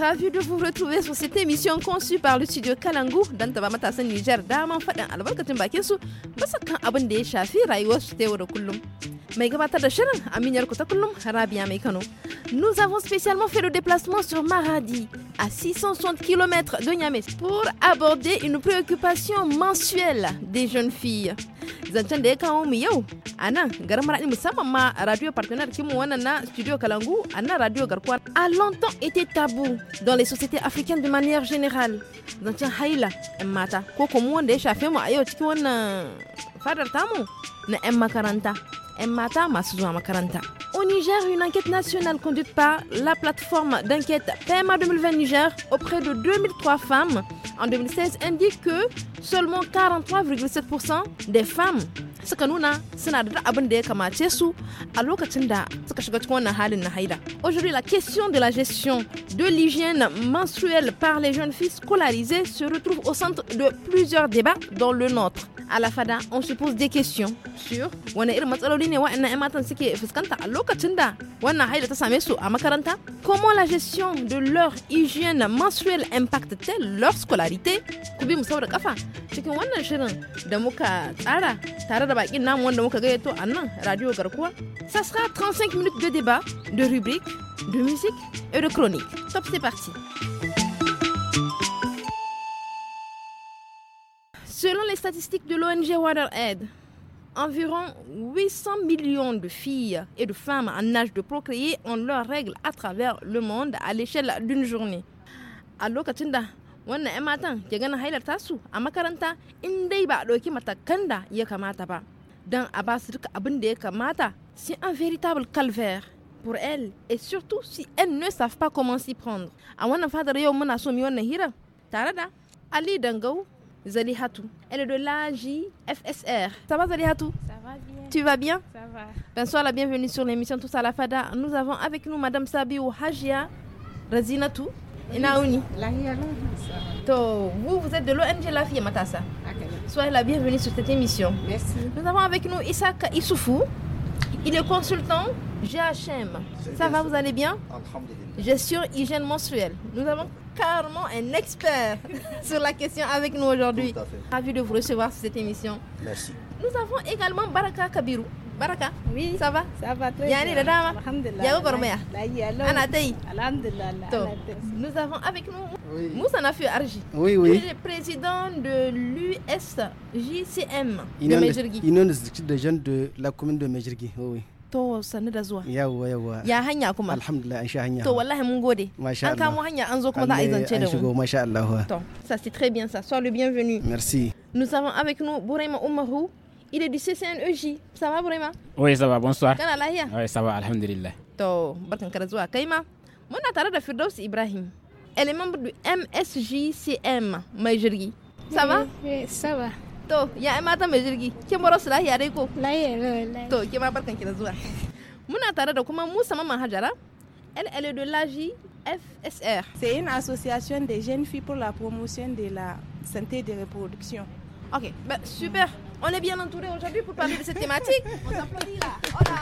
ravie de vous retrouver sur cette émission conçue par le studio Kalangu dans taba Niger daman à la bakin su basa kan abin da ya shafi rayuwar su tewa da kullum. Mai gabatar da shirin Aminiyar ku ta kullum Rabia Mai Nous avons spécialement fait le déplacement sur Maradi, à 660 km de Niamey, pour aborder une préoccupation mensuelle des jeunes filles zancen da ya kawo mu yau a nan garin musamman ma radio partenaire kimu wannan na studio kalangu a nan radio garkuwa a longtemps était tabou dans les sociétés africaines de manière générale zancen haila yan mata ko kuma wanda ya shafe mu a yau cikin wannan fadar tamu na yan makaranta yan mata masu zuwa makaranta Au Niger, une enquête nationale conduite par la plateforme d'enquête PMA 2020 Niger auprès de 2003 femmes en 2016 indique que seulement 43,7% des femmes ce que nous avons, c'est comme Aujourd'hui, la question de la gestion de l'hygiène menstruelle par les jeunes filles scolarisées se retrouve au centre de plusieurs débats dans le nôtre à la fada, on se pose des questions sur wani irin matsaloli ne wa'annan 'yan matan suke fuskanta a lokacin da wannan haila ta same su a makaranta comment la gestion de leur hygiène mensuelle impacte-t-elle leur scolarité ku bi mu sau da kafa cikin wannan shirin da muka tsara tare da bakin namu wanda muka gayyato a nan radio garkuwa ça sera 35 minutes de débat de rubrique, de musique et de chronique top c'est parti Selon les statistiques de l'ONG WaterAid, environ 800 millions de filles et de femmes en âge de procréer ont leurs règles à travers le monde à l'échelle d'une journée. A lokacin da wannan 'yan matan ke ganin hailarta su a makaranta in dai ba a ɗauki matakan da ya kamata ba don a ba su duka abin da ya kamata c'est un véritable calvaire pour elle. et surtout si elles ne savent pas comment s'y prendre. A wannan fadar yau muna so mi wannan hira tare da Ali Dangau Zalihatou. Elle est de l'AJFSR. Ça va Zalihatou Ça va bien. Tu vas bien Ça va. Bonsoir, la bienvenue sur l'émission Tous à la Fada. Nous avons avec nous Madame Sabiou Hajia Razinatou. Naouni. To, vous, vous êtes de l'ONG La Matassa. Ah, Soyez la bienvenue sur cette émission. Merci. Nous avons avec nous Isaac Issoufou. Il est consultant GHM. Ça va, vous allez bien Gestion hygiène menstruelle. Nous avons carrément un expert sur la question avec nous aujourd'hui. Ravi de vous recevoir sur cette émission. Merci. Nous avons également Baraka Kabiru. Baraka Oui. Ça va Ça va très bien. bien. Alhamdulillah. Alhamdulillah. Nous avons avec nous oui. Moussa Nafu Arji. Oui, oui. est président de l'USJCM de Mejirgi. Union des jeunes de la commune de Mejirgi. Oui, oui to sannu da zuwa yawwa yawwa ya hanya kuma alhamdulillah an sha hanya to wallahi mun gode masha Allah an kamo hanya an zo kuma za a yi zance da mu masha Allah to ça c'est très bien ça sois le bienvenu merci nous avons avec nous Bourema Oumarou il est du CCNEJ ça va Bourema oui ça va bonsoir kana lahiya oui ça va alhamdulillah to barkan da zuwa kaima mun muna tare da Firdaus Ibrahim elle est membre du MSJCM Majorgi ça va oui ça va to ya ai mata mai jirgi ke baro su lahiya dai ko lahiya to ke ma barkan ki da zuwa muna tare da kuma Musa Maman Hajara elle est de l'AJFSR. C'est une association des jeunes filles pour la promotion de la santé de reproduction. Ok, bah, super. On est bien entouré aujourd'hui pour parler de cette thématique. On s'applaudit là. Hola.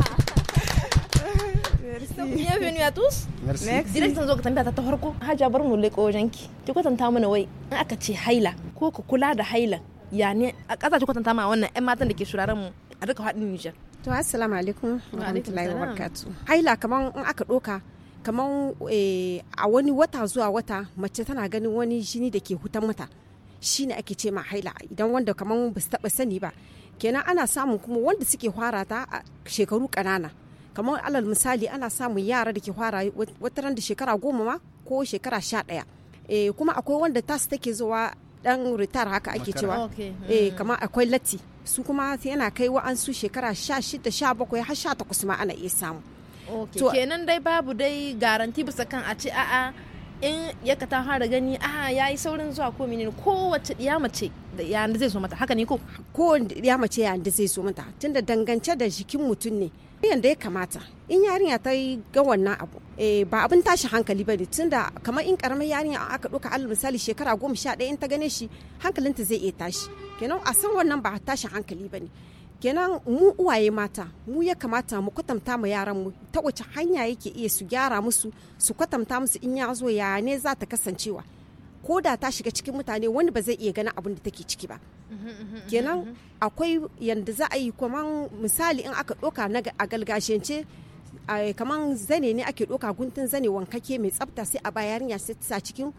Merci. Donc, bienvenue à tous. Merci. Merci. Direct zan zo ka tambaya ta ta farko. Hajiya bar mu leko wajenki. Ki kwatanta mana wai in aka ce haila ko ka kula da hailan ya ne a ƙasashe kwatanta ma wannan 'yan matan da ke shuraren mu a duka haɗin Nijar. To assalamu alaikum wa rahmatullahi wa barakatuh. Haila kaman in aka ɗoka kamar eh, a wani wata zuwa wata mace tana ganin wani jini da ke hutan mata shine ake ce ma haila idan wanda kamar ba su taɓa sani ba kenan ana samun kuma wanda suke fara ta a shekaru ƙanana kamar alal misali ana samun yara da ke fara wata da shekara goma ma ko shekara sha ɗaya eh, kuma akwai wanda tasu take zuwa dan ritar haka ake cewa oh, eh hmm. kamar akwai latti su kuma yana kai wa'ansu shekara 16 17 har 18 ma ana iya samu to kenan dai babu dai garanti bisa kan a ce a'a in ya ka ta fara gani a ya yi saurin zuwa ko menene kowace ya mace yanda zai so mata haka ne ko ko ya mace yanda zai so mata tunda dangance da jikin mutum ne yadda ya kamata in yarinya ta yi ga wannan abu eh, ba abin tashi hankali ba ne tunda kamar in karamar yarinya aka ɗauka alal misali shekara goma sha ɗaya in ta gane shi hankalinta zai iya tashi kenan a san wannan ba tashi hankali ba ne kenan mu uwaye mata mu ya kamata mu kwatanta ma yaran mu ta wace hanya yake iya su gyara musu su kwatanta musu in ya zo ya ne za ta kasancewa ko da ta shiga cikin mutane wani ba zai iya ganin abin da take ciki ba kenan akwai yadda za a yi kuma misali in aka ɗoka na a galgashiyance kamar zane ne ake ɗoka guntun zane wankake mai tsafta sai a bayan eh, ya mhm. sai cikin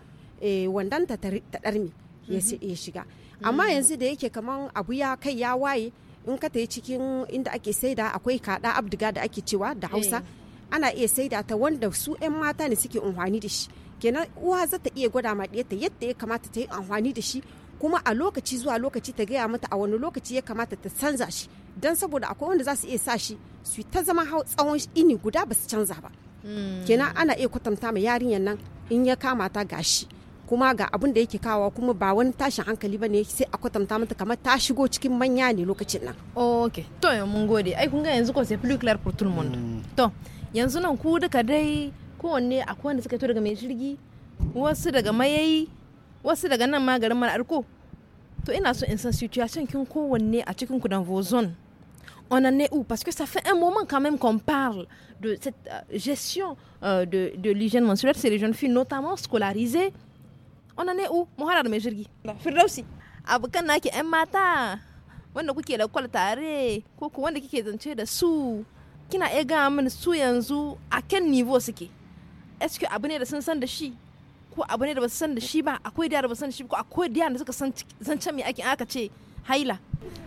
wandan ta ɗarmi ya shiga mhm. amma yanzu da yake kamar abu ya kai ya waye in ka ta yi cikin inda ake saida akwai kaɗa abdiga da ake cewa da hausa eh. ana iya saida ta wanda su 'yan mata ne suke unhwani da shi kenan uwa za ta iya gwada ma ɗiyarta yadda ya kamata ta yi amfani da shi kuma a lokaci zuwa lokaci ta gaya mata a wani lokaci ya kamata ta canza shi don saboda akwai wanda za su iya sa shi su ta zama tsawon ini guda ba su canza ba hmm. kenan ana iya kwatanta ma yarinyar nan in ya kama ta gashi kuma ga abin da yake kawo kuma ba wani tashin hankali ba ne sai a kwatanta mata kamar ta shigo cikin manya ne lokacin nan. ok to mun gode ai kun ga yanzu ko sai plus clair pour hmm. to yanzu nan ku duka dai kowanne akwai wanda suka fito daga mai jirgi wasu daga mayayi wasu daga nan ma garin mara arko to ina so in san situation kin kowanne a cikin ku dans vos zones on en est où Parce que ça fait un moment quand même qu'on parle de cette euh, gestion euh, de, de l'hygiène menstruelle chez les jeunes filles, notamment scolarisées. On en est où Mohara da Mejirgi. Firdausi. Abokan naki ƴan mata wanda kuke da kwal tare ko ku wanda kike zance da su kina iya gaya mini su yanzu a kan niveau suke. SQ abu ne da sun san da shi ko abu ne da basu san da shi ba akwai da ba san da shi ko akwai da da suka san zancen mai aikin aka ce haila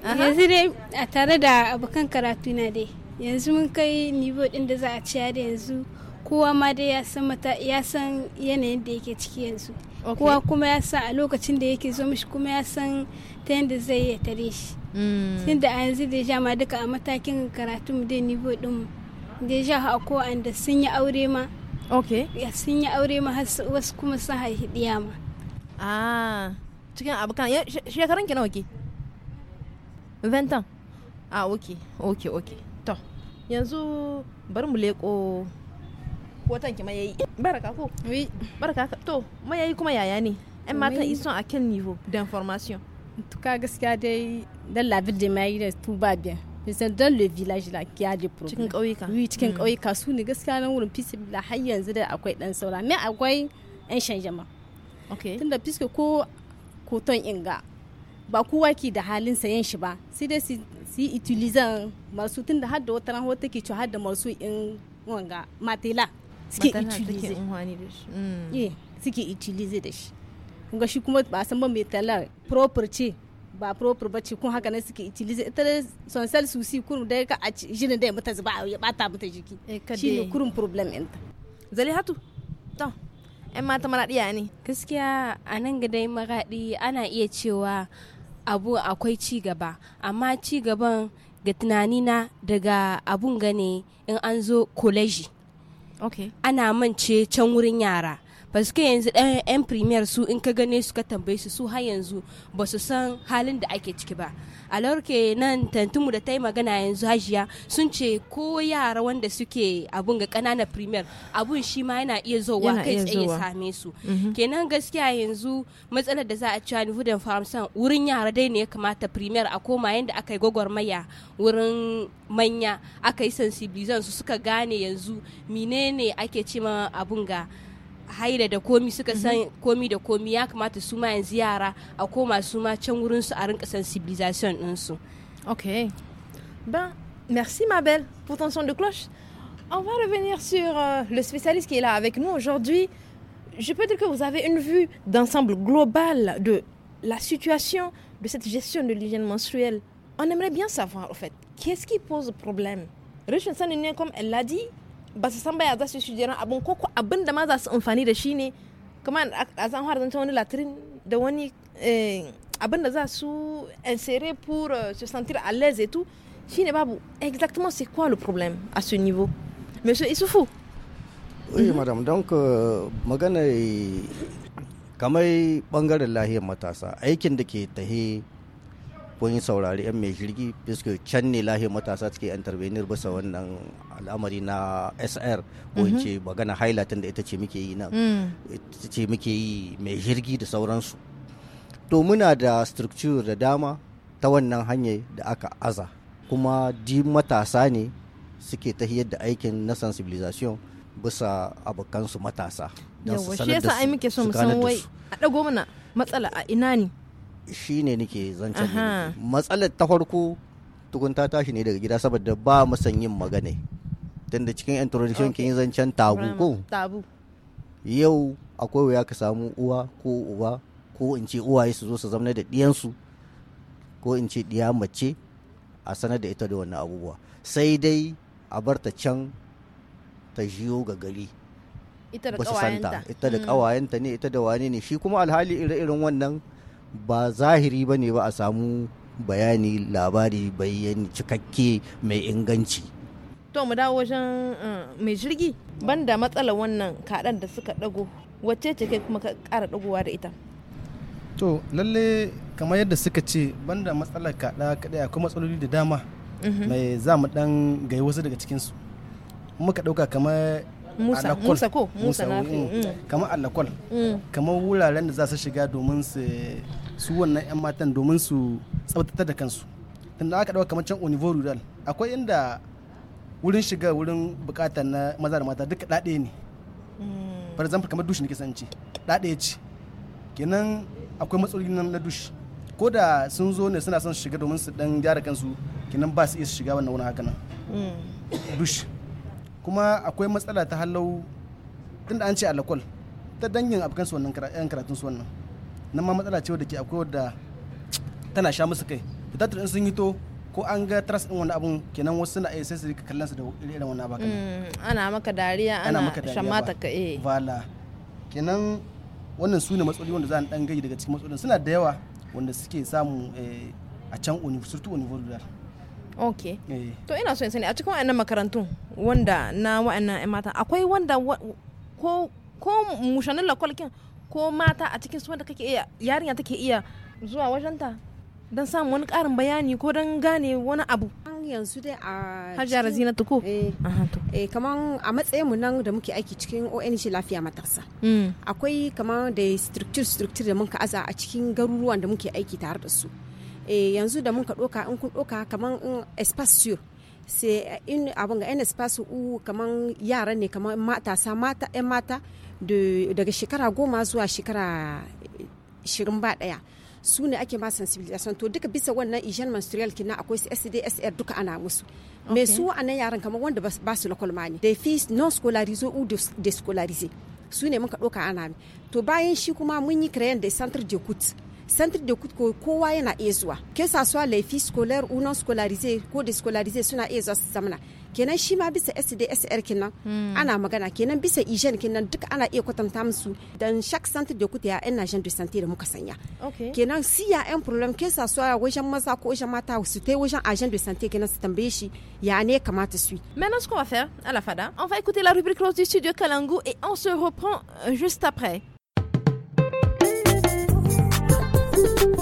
yanzu dai a tare da abokan karatu na dai yanzu mun kai nivo din da za a ciya da yanzu kowa ma dai ya san mata ya san yanayin da yake ciki yanzu kowa kuma ya san a lokacin da yake zo mishi kuma ya san ta yadda zai ya tare shi hmm. tun da a yanzu da ma duka a matakin karatu mu dai nivo din mu da ja ko anda sun yi aure ma okay. sun yi aure ma wasu kuma sun haihi diya ma ah cikin abokan shekarun ki nawa ke ventan ah okay okay okay. to yanzu bari mu leko watan ki mayayi baraka ko oui baraka to mayayi kuma yaya ne yan matan ils sont à quel niveau d'information en tout gaskiya dai dan la ville de mayayi da tu ba bien nisan don le village la kiya de problem cikin ƙauyuka wi cikin mm. ƙauyuka su ne gaskiya nan wurin fisibila har yanzu da akwai dan saura me akwai yan shanjama okay tunda fiske ko koton inga ba kowa ke da halin sayan shi ba sai dai su yi utilizan tunda har da wata ran wata ke ci har da masu in wanga matela suke utilize mm. eh, suke utilize da shi kuma ba san ba mai talar proper ce ba proper ba ce kun haka nan suke itilize ita da su susi kurum da ka a jinin da ya mata zuba ya bata mata jiki eh, ne kurum problem zali hatu to yan mata maraɗiya ne gaskiya a nan ga dai maraɗi ana iya cewa abu akwai ci gaba amma ci gaban ga tunani na daga abun gane in an zo koleji ana mance can wurin yara ba su yanzu ɗan yan premier su in ka gane su ka tambaye su su har yanzu ba su san halin da ake ciki ba a lauke nan tantumu da ta yi magana yanzu hajiya sun ce ko yara wanda suke abun ga ƙananan premier abun shi ma yana iya zowa kai tsaye ya same su mhm. kenan gaskiya yanzu matsalar da za a ci hudan faramsan wurin yara dai ne ya kamata premier a koma yadda aka yi gwagwarmaya wurin manya aka yi sensibilizan su suka gane yanzu menene ake cima abun ga ma ma Ok. Ben, merci ma belle pour ton son de cloche. On va revenir sur euh, le spécialiste qui est là avec nous aujourd'hui. Je peux dire que vous avez une vue d'ensemble global de la situation de cette gestion de l'hygiène menstruelle. On aimerait bien savoir, en fait, qu'est-ce qui pose problème comme elle l'a dit, ba su san su shi abin ko abin da ma su amfani da shi a san har eh, pour eh, se sentir à l'aise et tout shine babu exactement c'est quoi le problème à ce niveau monsieur isufu oui madame donc euh, magana kamar bangaren lahiyar matasa aikin kun saurari 'yan mai jirgi biskuit can ne lahi matasa suke intervenir bisa wannan al'amari na sr ko in ce mhm. magana highlighting da ita ce muke yi nan mm. ita ce muke yi mai jirgi da sauransu to muna da structure da dama ta wannan hanyar da aka aza kuma di matasa ne suke hiyar da aikin na sensibilization bisa abokansu matasa don su sanar da su a dago mana matsala a ina ne shi ne nike zancen matsalar ta farko tukun ta tashi ne daga gida saboda ba musan yin magana tun da cikin introduction kin yi zancen tabu ko tabu yau akwai wuya ka samu uwa ko uba ko in ce uwaye su zo su zama da diyansu ko in ce diya mace a sanar da ita da wannan abubuwa sai dai a bar ta can ta jiyo ga gari ita da kawayenta ita da kawayenta mm. ne ita da wane ne shi kuma alhali ire-iren wannan ba zahiri ba ne ba a samu bayani labari bayani cikakke mai inganci to mu dawo wajen eh, mai jirgi banda matsalar wannan kaɗan da suka ɗago wacce ce kai kuma ka ƙara ɗagowa da ita to lalle kamar yadda suka ce banda matsalar kaɗa kaɗai akwai matsaloli da dama mhm. mai za mu ɗan gai wasu daga cikinsu muka ɗauka kamar Musa, Musa ko Musa, Musa na fi. Mm. Mm. Kamar alakwal, mm. kamar wuraren da za su shiga domin su su wannan 'yan matan domin su tsabtatar da kansu tunda aka ɗauka kamar can univo rural akwai inda wurin shiga wurin bukata na maza da mata duka ɗaɗe ne mm. for example kamar dushi nake sanci ɗaɗe ce kenan akwai matsaloli na dushi ko da sun zo ne suna son shiga domin su dan gyara kansu kenan ba su iya shiga wannan wani haka nan mm. dushi kuma akwai matsala ta halau tunda an ce alakol ta dangin abokan su wannan yan karatun su wannan nan ma matsala ce wadda ke akwai wadda tana sha musu kai da in sun yi to ko an ga trust din wani abun kenan wasu suna iya sai su rika kallon su da irin wannan abakan. Mm, ana maka dariya ana shamata ka eh vala kenan wannan su ne matsaloli wanda za a dan gaji daga cikin matsalolin suna da yawa wanda suke samu eh, a can surtu university ok eh. to ina so in sani a cikin wa'annan makarantun wanda na wa'annan 'yan mata akwai wanda ko ko mushanin lakwalkin ko mata a cikin su wanda kake iya yarinya take iya zuwa wajenta don samun wani karin bayani ko don gane wani abu yanzu dai a hajjara zina tuko eh, eh kaman a matsayin mu nan da muke aiki cikin ONG lafiya matasa mm. akwai kaman da structure structure da muka aza a cikin garuruwan da muke aiki tare da su eh yanzu da muka doka in kun doka kaman espace sai in abun ga in espacio u kaman yara ne kaman matasa mata ɗan mata daga shekara goma zuwa shekara shirin ba daya su ne ake ma sensibilisation to duka bisa wannan ijen menstrual kina akwai sdsr duka ana musu mai su anan yaran kamar wanda ba su lakol ne da fi non scolarisé ou scolarize su ne muka doka ana mi to bayan shi kuma mun yi crayon da centre de coute centre de coute ko kowa yana iya zuwa ke les laifi scolaire ou non scolarize ko scolarize suna iya zuwa su zamana kenan shi ma bisa SDSR kenan hmm. ana magana kenan bisa hygiene kenan duk ana iya kwatanta musu dan chaque centre de kuta ya yan agent de santé da muka sanya kenan si ya yan problem ke sa soya wajen maza ko wajen mata su tai wajen agent de santé kenan su tambaye shi ya ne kamata su maintenant ce qu'on va faire à la fada on va écouter la rubrique close du studio Kalangu et on se reprend euh, juste après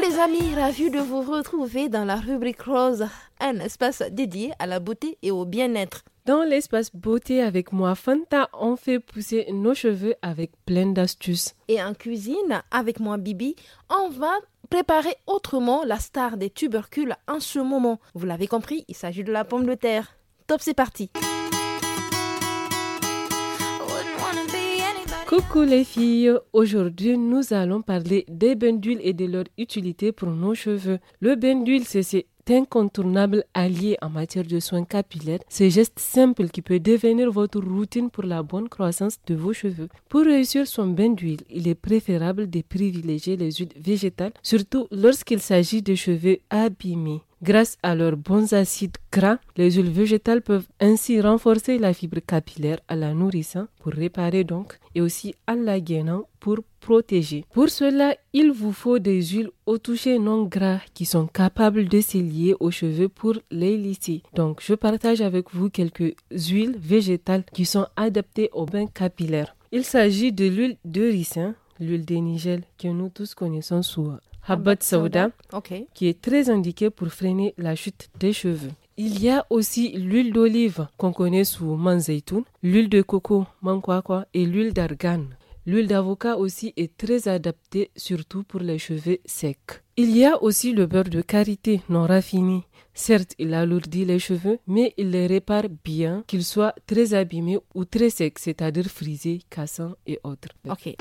les amis, ravi de vous retrouver dans la rubrique rose, un espace dédié à la beauté et au bien-être. Dans l'espace beauté avec moi, Fanta, on fait pousser nos cheveux avec plein d'astuces. Et en cuisine, avec moi, Bibi, on va préparer autrement la star des tubercules en ce moment. Vous l'avez compris, il s'agit de la pomme de terre. Top, c'est parti! Coucou les filles, aujourd'hui nous allons parler des bains d'huile et de leur utilité pour nos cheveux. Le bain d'huile c'est cet incontournable allié en matière de soins capillaires, ce geste simple qui peut devenir votre routine pour la bonne croissance de vos cheveux. Pour réussir son bain d'huile, il est préférable de privilégier les huiles végétales, surtout lorsqu'il s'agit de cheveux abîmés. Grâce à leurs bons acides gras, les huiles végétales peuvent ainsi renforcer la fibre capillaire à la nourrissant pour réparer donc et aussi à la gainant pour protéger. Pour cela, il vous faut des huiles au toucher non gras qui sont capables de se lier aux cheveux pour les lisser. Donc, je partage avec vous quelques huiles végétales qui sont adaptées au bain capillaire. Il s'agit de l'huile de ricin, l'huile de Nigel que nous tous connaissons sous Habat Sauda, qui est très indiqué pour freiner la chute des cheveux. Il y a aussi l'huile d'olive qu'on connaît sous manzeitoun, l'huile de coco quoi, et l'huile d'argan. L'huile d'avocat aussi est très adaptée surtout pour les cheveux secs. Il y a aussi le beurre de karité non raffiné. Certes, il alourdit les cheveux, mais il les répare bien, qu'ils soient très abîmés ou très secs, c'est-à-dire frisés, cassants et autres. Ok.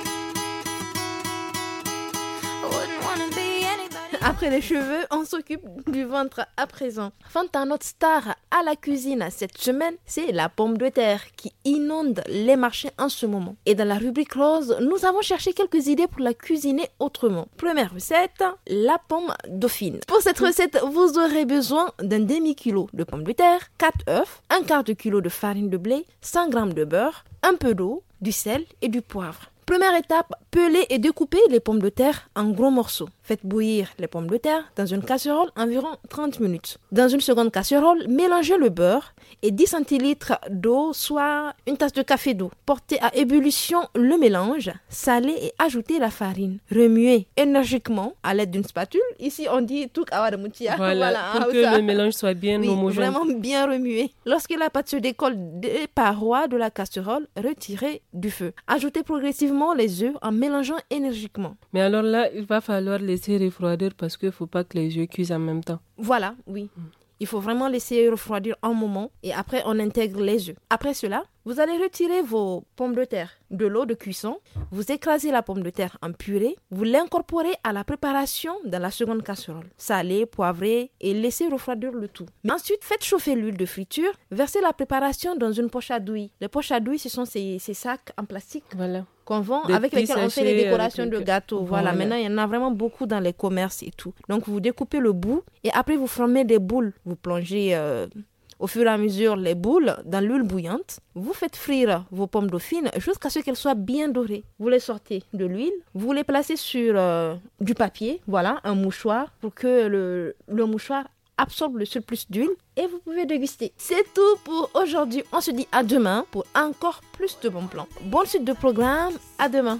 Après les cheveux, on s'occupe du ventre à présent. Enfin, notre star à la cuisine cette semaine, c'est la pomme de terre qui inonde les marchés en ce moment. Et dans la rubrique rose, nous avons cherché quelques idées pour la cuisiner autrement. Première recette, la pomme dauphine. Pour cette recette, vous aurez besoin d'un demi-kilo de pommes de terre, 4 œufs, un quart de kilo de farine de blé, 100 g de beurre, un peu d'eau, du sel et du poivre. Première étape, peler et découper les pommes de terre en gros morceaux. Faites bouillir les pommes de terre dans une casserole environ 30 minutes. Dans une seconde casserole, mélangez le beurre et 10 centilitres d'eau, soit une tasse de café d'eau. Portez à ébullition le mélange, salez et ajoutez la farine. Remuez énergiquement à l'aide d'une spatule. Ici, on dit tout voilà, voilà, pour hein, que le mélange soit bien oui, Vraiment bien remué. Lorsque la pâte se décolle des parois de la casserole, retirez du feu. Ajoutez progressivement les œufs en mélangeant énergiquement. Mais alors là, il va falloir les laisser refroidir parce qu'il ne faut pas que les yeux cuisent en même temps. Voilà, oui. Mm. Il faut vraiment laisser refroidir un moment et après on intègre les yeux. Après cela, vous allez retirer vos pommes de terre de l'eau de cuisson, vous écrasez la pomme de terre en purée, vous l'incorporez à la préparation dans la seconde casserole. Salez, poivrez et laissez refroidir le tout. Mais ensuite, faites chauffer l'huile de friture, versez la préparation dans une poche à douille. Les poches à douille, ce sont ces, sacs en plastique. qu'on vend, avec lesquels on fait les décorations euh, de gâteaux. Voilà. maintenant il y en a vraiment beaucoup dans les commerces et tout. Donc vous découpez le bout et après vous formez des boules. Vous plongez euh, au fur et à mesure les boules dans l'huile bouillante. Vous faites frire vos pommes dauphines jusqu'à ce qu'elles soient bien dorées. Vous les sortez de l'huile, vous les placez sur euh, du papier, voilà, un mouchoir, pour que le, mouchoir absorbe le surplus d'huile et vous pouvez déguster. C'est tout pour aujourd'hui. On se dit à demain pour encore plus de bons plans. Bonne suite de programme, à demain.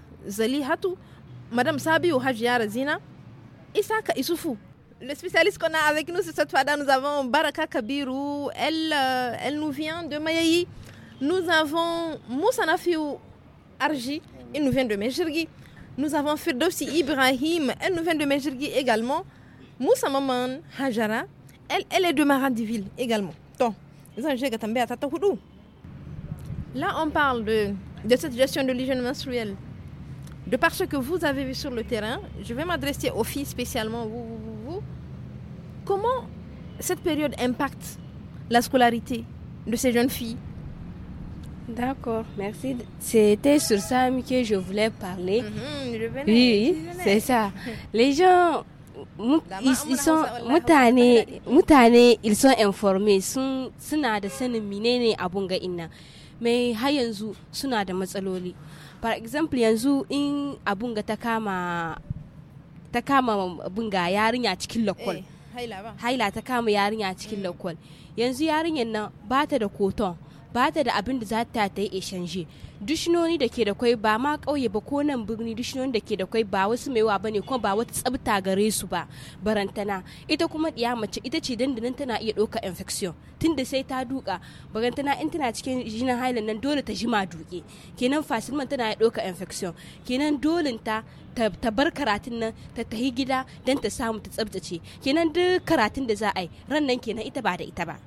Zalihatu, Madame Sabi ou zina. Razina, Isaka Issoufou. Le spécialiste qu'on a avec nous cette fois-là, nous avons Baraka Kabirou, euh, elle, nous vient de Mayaï. Nous avons Moussa Nafiou Arji, elle nous vient de Mejirgi. Nous avons Firdousi Ibrahim, elle nous vient de Mejirgi également. Moussa Maman Hajara, elle, elle est de Maradiville également. Donc, Là, on parle de, de cette gestion de l'hygiène menstruelle de par ce que vous avez vu sur le terrain, je vais m'adresser aux filles spécialement, comment cette période impacte la scolarité de ces jeunes filles D'accord, merci. C'était sur ça que je voulais parler. Mhm, oui, c'est ça. Les gens, ils, sont ils sont informés, Mais for example yanzu in abun ga ta kama ta kama abun ga yarinya cikin lakwal eh, haila ta kama yarinya cikin eh. lakwal yanzu yarinyar nan ba ta da koton ba ta da abin da za ta ta yi exchange dushinoni da ke da kwai ba ma kauye ba ko nan birni dushinoni da ke da kwai ba wasu mai ba ne kuma ba wata tsabta gare su ba barantana ita kuma ɗiya mace ita ce dandanan tana iya ɗauka infection tunda sai ta duka barantana in tana cikin jinin hailan nan dole ta jima duke kenan fasilman tana iya doka infection kenan dole ta ta bar karatun nan ta tahi gida don ta samu ta tsabtace kenan duk karatun da za a yi ran nan kenan ita ba da ita ba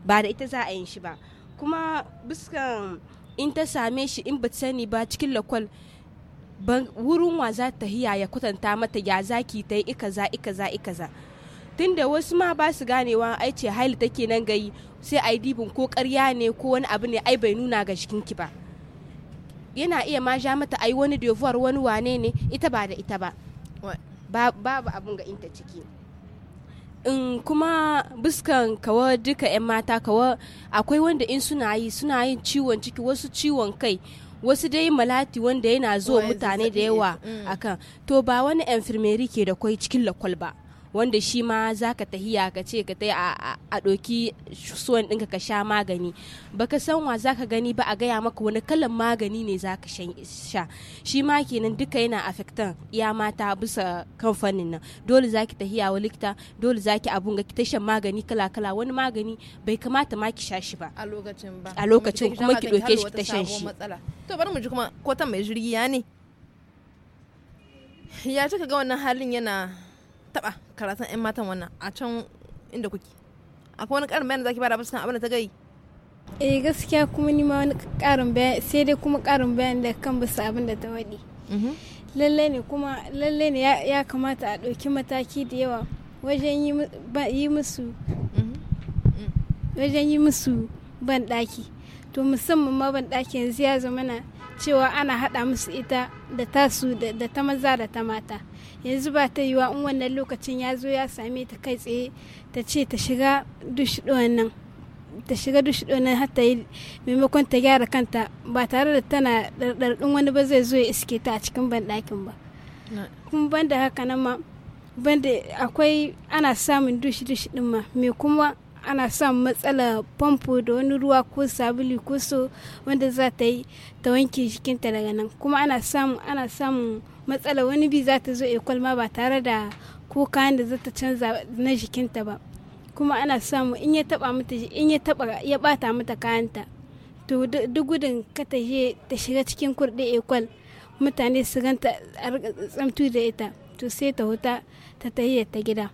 ba da ita za a yin shi ba kuma biskan in ta same shi in ba sani ba cikin lakwal wurin wa za ta hiya ya kwatanta mata ya zaki ta yi ikaza ikaza ikaza tunda wasu ma ba su ganewa ai ce haili take nan gayi sai ai dibin ko karya ne ko wani abu ne ai bai nuna ga ki ba yana iya ma ja mata ai wani devoir wani wane ne ita ba da ita ba babu abun ga inta ciki in kuma buskan kawa duka 'yan mata kawo akwai wanda in suna yi suna yin ciwon ciki wasu ciwon kai wasu dai malati wanda yana zuwa mutane da yawa mm. akan to ba wani infirmeri ke da kwai cikin lakwal ba wanda shi ma za ka tahiya ka ce ka tai a ɗoki suwan ɗinka ka sha magani baka san wa za ka gani ba a gaya maka wani kalan magani ne za ka sha shi ma kenan duka yana afektan iya mata bisa kamfanin nan dole za ki tahiya wa likita dole za ki abun ga ki ta shan magani kala kala wani magani bai kamata ma ki sha shi ba a lokacin ba a lokacin kuma ki ɗauke shi ki ta shan shi to bari mu ji kuma kwatan mai jirgi ya ne ya cika ga wannan halin yana taba karatun 'yan matan wannan a can inda kuke akwai wani karin bayan da zaki bada fuskan abin da ta gai eh gaskiya kuma ni ma wani karin bayan sai dai kuma karin bayan da kan bisa abin da ta waɗi mhm. lallai ne kuma lalle ne ya kamata a ɗauki mataki da yawa wajen yi musu mhm. wajen yi musu ban ɗaki to musamman ma ban ɗaki yanzu ya zama na cewa ana haɗa musu ita da tasu da ta maza da ta mata yanzu ba ta yiwa in wannan lokacin ya zo ya same ta kai tsaye ta ce ta shiga dushi nan ta shiga dushi nan har ta yi maimakon ta gyara kanta ba tare da tana ɗarɗarɗin wani ba zai zo ya iske ta a cikin banɗakin ba kuma banda haka nan ma banda akwai ana samun dushi dushi ɗin ma me kuma ana samun matsala famfo da wani ruwa ko sabulu ko so wanda za ta yi ta wanke jikinta daga nan kuma ana samun ana samun matsala wani bi za ta zo ekol ma ba tare da ko kayan da za ta canza na jikinta ba kuma ana samu in ya taba mata in ya taba ya bata mata kayanta to duk gudun ka ta je ta shiga cikin kurɗe ekol mutane su ganta tsamtu da ita to sai ta huta ta tahiyar ta gida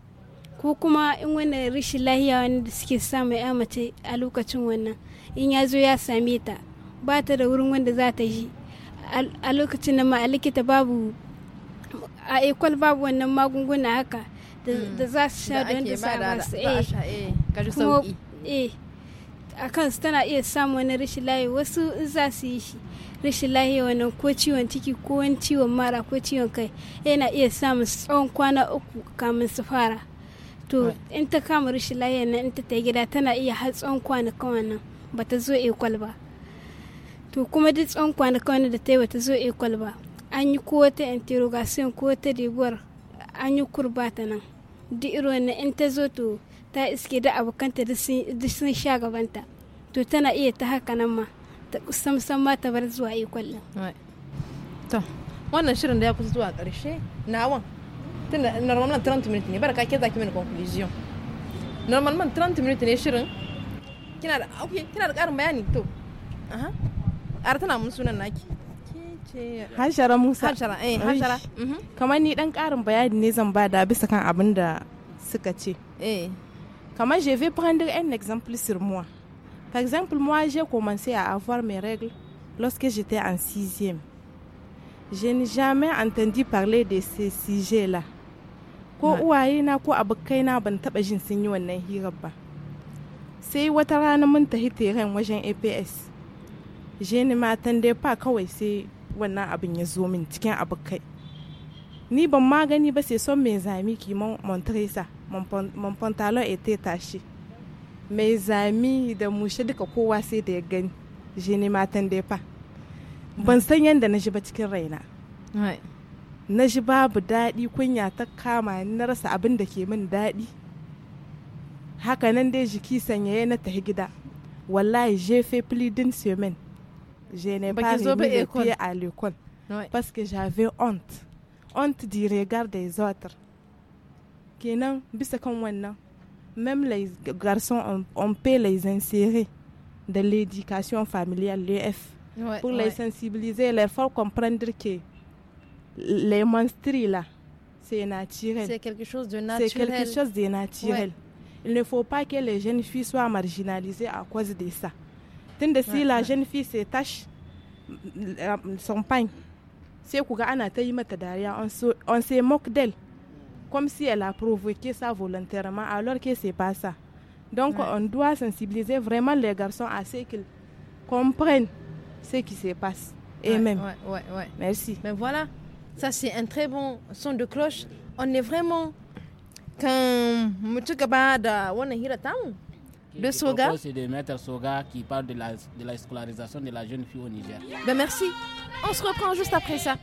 ko kuma in wannan rishin lahiya wanda suke samu ya mace a lokacin wannan in ya zo ya same ta ba ta da wurin wanda za ta yi a lokacin nan ma a likita babu a ekwal babu wannan magunguna haka da hmm. za su sha da wanda sa ba su e a eh. eh, eh, su tana iya samun wani rishin lahiya wasu in za su yi shi rashin lahiya wannan ko ciwon ciki ko wani ciwon mara ko ciwon kai yana iya samun tsawon kwana uku kamin su fara to in ta kama rashin lahiya na in ta ta gida tana iya har tsawon kwanaka wannan ba ta zo ekwal ba to kuma duk tsawon kwanaka wannan da ta yi ba ta zo ekwal ba an yi ko wata interrogation ko wata ribuwar an yi kurba ta nan duk irin wannan in ta zo to ta iske da abokanta duk sun sha gabanta to tana iya ta haka nan ma ta samsam ma ta bar zuwa ekwal din. to wannan shirin da ya kusa zuwa ƙarshe nawan normalement 30 minutes ne barka ke zaki mini conclusion normalement 30 minutes ni shirin kina da okay kina da karin bayani to aha ar na mun sunan naki Hajara Musa. Hajara, eh, Hajara. Mhm. Kamar ni dan karin bayani ne zan bada bisa kan abin da suka ce. Eh. Kamar je vais prendre un exemple sur moi. Par exemple, moi j'ai commencé à avoir mes règles lorsque j'étais en sixième. Je n'ai jamais entendu parler de ces sujets-là. ko uwaye na ko abokai na ban taba jin sun yi wannan hirar ba sai wata rana mun tafi teren wajen aps je ni matan dai fa kawai sai wannan abin ya zo min cikin abokai ni ban magani ba sai son mai zami kiman montresa mon pantalon ete tashi mai zami da mushe duka kowa sai da ya gani je ni matan dai fa ban san yadda na ji ba cikin raina na ji babu daɗi kunya ta kama na rasa abin da ke min daɗi haka nan dai jiki sanyaye na tafi gida wallahi je fais plus d'une semaine je n'ai pas remis les à l'école parce que j'avais honte honte du regard des autres kenan bisa kan wannan même les garçons ont on peut les insérer de l'éducation familiale l'EF ouais, pour ouais. les sensibiliser les faire comprendre que les monstres là, c'est naturel. C'est quelque chose de naturel. C'est quelque chose de naturel. Il ne faut pas que les jeunes filles soient marginalisées à cause de ça. Tandis si la jeune fille se tâche euh, son pain, on se moque d'elle, comme si elle a provoqué ça volontairement, alors que c'est pas ça. Donc on doit sensibiliser vraiment les garçons à ce qu'ils comprennent ce qui se passe. Et ouais, Ouais, Merci. Mais voilà, ça, c'est un très bon son de cloche. On est vraiment quand le Soga. C'est de Maître Soga qui parle de la, de la scolarisation de la jeune fille au Niger. Ben merci. On se reprend juste après ça.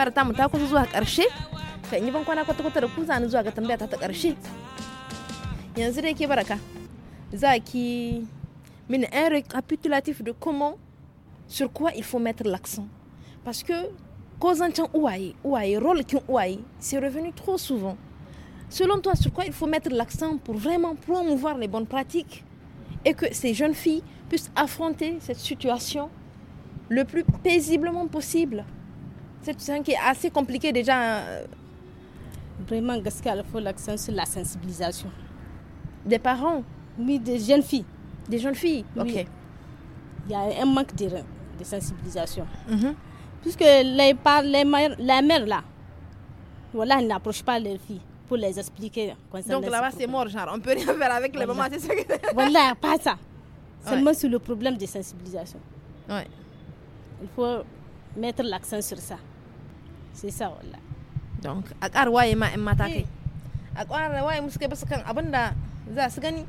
fara tamu un récapitulatif de comment sur quoi il faut mettre l'accent parce que ouaye ouaye rôle qui ouaye c'est revenu trop souvent selon toi sur quoi il faut mettre l'accent pour vraiment promouvoir les bonnes pratiques et que ces jeunes filles puissent affronter cette situation le plus paisiblement possible c'est tout ça qui est assez compliqué déjà. Hein. Vraiment, Gascal, il faut l'accent sur la sensibilisation. Des parents Oui, des jeunes filles. Des jeunes filles Il y a un manque de, sensibilisation. Mm-hmm. Puisque les, les, mères, les mères, là, voilà, elles n'approchent pas les filles pour les expliquer. Donc là-bas, c'est mort, genre, on peut rien faire avec les mamans, c'est ça voilà, pas ça. Seulement sur le problème de sensibilisation. Il faut mettre l'accent sur ça. sai sa walla don a ƙara waye ma 'yan mata kai eh. a ƙara waye musu kai basu kan abin da za su gani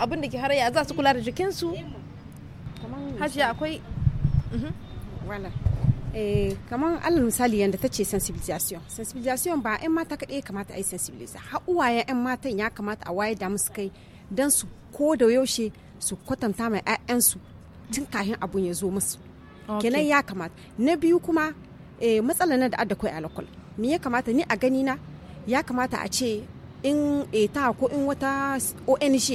abin da ke haraya za su kula da jikinsu eh hajiya akwai wala mhm. eh kamar alal misali yadda ta ce sensibilisation sensibilisation ba 'yan mata kaɗai kamata a yi sensibilisation har uwaye 'yan mata ya kamata a waye da musu kai don su ko da yaushe su kwatanta mai 'ya'yansu tun kafin abun ya zo musu kenan ya kamata na biyu kuma eh, matsalar nan da adda kai alkol me ya kamata ni a gani na ya kamata a ce in eh, ta ko in wata ONG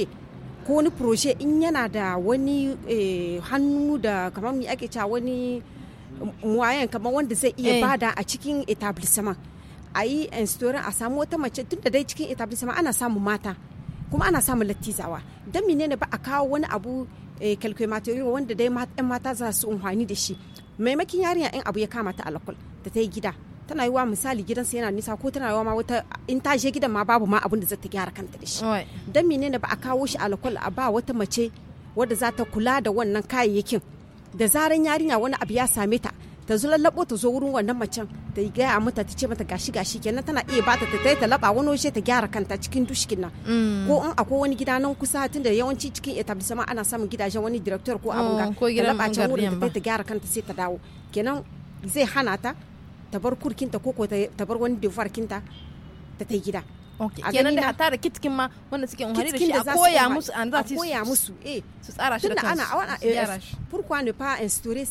ko wani proje in yana da wani eh, hannu da kamar mi ake cewa wani muwayan kamar wanda zai iya eh. bada a cikin etablissement a yi instorin a samu wata mace tun da dai cikin etablissement ana samu mata kuma ana samun lattizawa don menene ba a kawo wani abu calculatorial wanda dai yan mata za su unhwani da shi maimakin yarinya in abu ya kama ta alkol ta ta yi gida tana yi wa misali gidansa yana nisa ko tana yi wa ma wata in ta je gidan ma babu ma abin da za ta gyara kanta da shi dan menene ba a kawo shi alkol a ba wata mace wadda za ta kula da wannan kayayyakin da zaran yarinya wani abu ya same ta ta zo lallabo ta zo wurin wannan macen ta yi gaya mata ta ce mata gashi gashi kenan tana iya bata ta tai ta laba wani waje ta gyara kanta cikin dushkin nan mm. ko in akwai wani gida nan kusa da yawanci cikin etablissement ana samun gidajen wani director ko abin ga mm, ta laba can wurin ta tai ta gyara kanta sai ta dawo kenan zai hana ta ta bar kurkinta ko ta bar wani devoir kinta ta tai gida pourquoi ne pas instaurer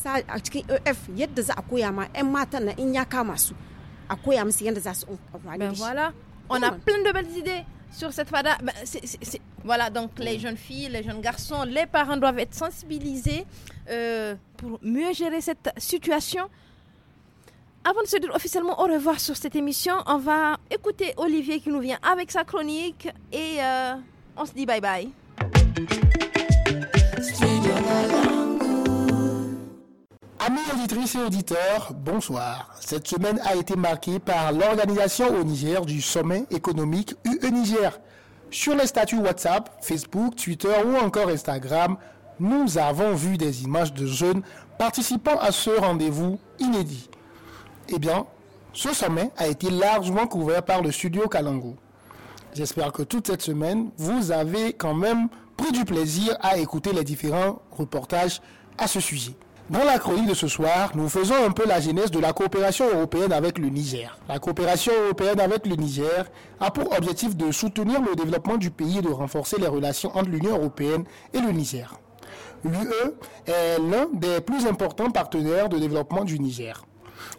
voilà on a plein de belles idées sur cette fada. Ben, voilà, donc les mm. jeunes filles, les jeunes garçons, les parents doivent être sensibilisés euh, pour mieux gérer cette situation. Avant de se dire officiellement au revoir sur cette émission, on va écouter Olivier qui nous vient avec sa chronique et euh, on se dit bye bye. Amis auditrices et auditeurs, bonsoir. Cette semaine a été marquée par l'organisation au Niger du sommet économique UE Niger. Sur les statuts WhatsApp, Facebook, Twitter ou encore Instagram, nous avons vu des images de jeunes participant à ce rendez-vous inédit. Eh bien, ce sommet a été largement couvert par le studio Kalango. J'espère que toute cette semaine, vous avez quand même pris du plaisir à écouter les différents reportages à ce sujet. Dans la chronique de ce soir, nous faisons un peu la genèse de la coopération européenne avec le Niger. La coopération européenne avec le Niger a pour objectif de soutenir le développement du pays et de renforcer les relations entre l'Union européenne et le Niger. L'UE est l'un des plus importants partenaires de développement du Niger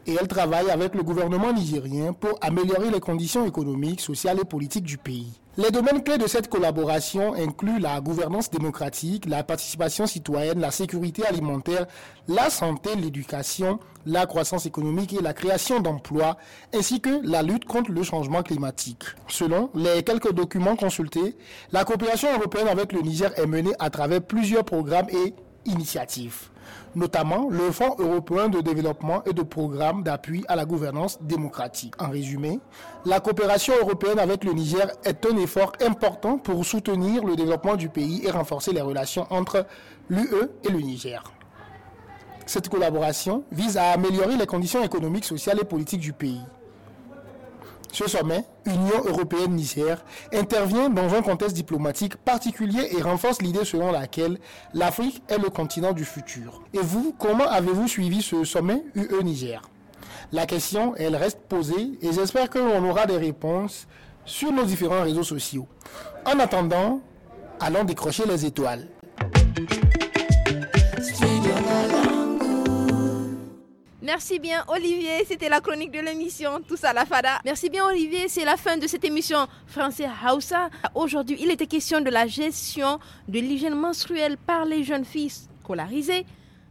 et elle travaille avec le gouvernement nigérien pour améliorer les conditions économiques, sociales et politiques du pays. Les domaines clés de cette collaboration incluent la gouvernance démocratique, la participation citoyenne, la sécurité alimentaire, la santé, l'éducation, la croissance économique et la création d'emplois, ainsi que la lutte contre le changement climatique. Selon les quelques documents consultés, la coopération européenne avec le Niger est menée à travers plusieurs programmes et initiatives notamment le Fonds européen de développement et de programmes d'appui à la gouvernance démocratique. En résumé, la coopération européenne avec le Niger est un effort important pour soutenir le développement du pays et renforcer les relations entre l'UE et le Niger. Cette collaboration vise à améliorer les conditions économiques, sociales et politiques du pays ce sommet, Union européenne-Niger, intervient dans un contexte diplomatique particulier et renforce l'idée selon laquelle l'Afrique est le continent du futur. Et vous, comment avez-vous suivi ce sommet UE-Niger La question, elle reste posée et j'espère que l'on aura des réponses sur nos différents réseaux sociaux. En attendant, allons décrocher les étoiles. Merci bien Olivier, c'était la chronique de l'émission Tous à la Fada. Merci bien Olivier, c'est la fin de cette émission Français Hausa. Aujourd'hui, il était question de la gestion de l'hygiène menstruelle par les jeunes filles scolarisées.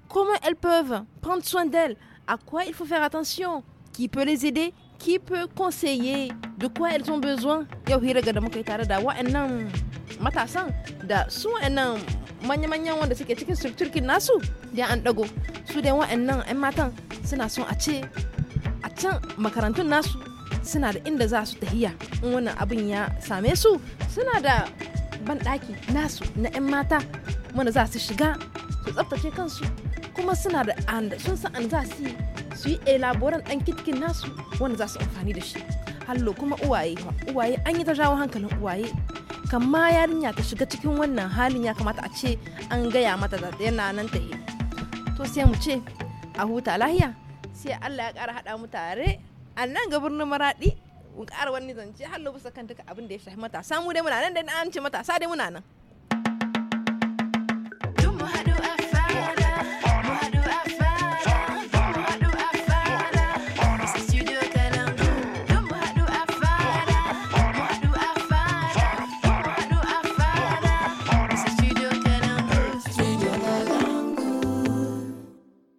Comment elles peuvent prendre soin d'elles À quoi il faut faire attention Qui peut les aider Qui peut conseiller De quoi elles ont besoin matasan da su wa'annan manya-manyan wanda cikin nasu da su dai wa'annan 'yan matan suna son a ce a can makarantun nasu suna da inda za su tahiya in wannan abin ya same su suna da banɗaki nasu na 'yan mata wanda za su shiga su tsaftace kansu kuma suna da sun san an za su yi su yi elaboran ɗan kitkin nasu wanda za su amfani da shi hallo kuma uwaye uwaye an yi ta jawo hankalin uwaye kamma yarinya ta shiga cikin wannan halin ya kamata a ce an gaya mata da yana nan ta yi to sai mu ce a huta lahiya sai Allah ya kara haɗa mu tare a nan ga birnin maraɗi in kara wani zance har bisa kan duka abin da ya shafi matasa mu dai muna nan da an ce matasa dai muna nan